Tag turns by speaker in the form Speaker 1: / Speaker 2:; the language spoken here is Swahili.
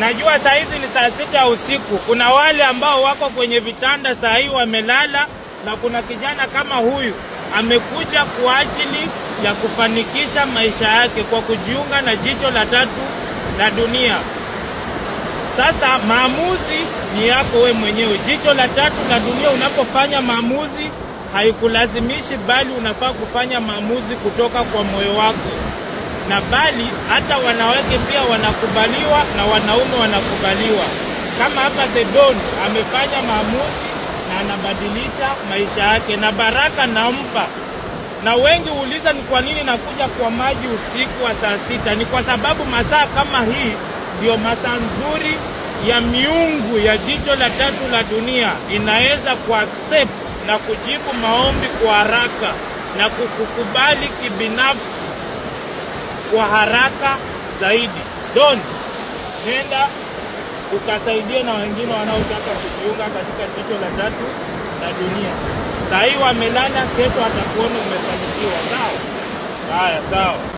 Speaker 1: Najua saa hizi ni saa sita usiku. Kuna wale ambao wako kwenye vitanda saa hii wamelala, na kuna kijana kama huyu amekuja kwa ajili ya kufanikisha maisha yake kwa kujiunga na jicho la tatu la dunia. Sasa maamuzi ni yako we mwenyewe. Jicho la tatu la dunia, unapofanya maamuzi haikulazimishi, bali unafaa kufanya maamuzi kutoka kwa moyo wako na bali hata wanawake pia wanakubaliwa na wanaume wanakubaliwa. Kama hapa Thedon amefanya maamuzi na anabadilisha maisha yake, na baraka nampa. Na wengi huuliza ni kwa nini nakuja kwa maji usiku wa saa sita? Ni kwa sababu masaa kama hii ndiyo masaa nzuri ya miungu ya jicho la tatu la dunia inaweza kuaccept na kujibu maombi kwa haraka na kukukubali kibinafsi kwa haraka zaidi. Don, nenda ukasaidia na wengine wanaotaka kujiunga katika jicho la tatu la dunia. Sahii wamelala, kesho atakuona umefanikiwa. Sawa
Speaker 2: haya, sawa.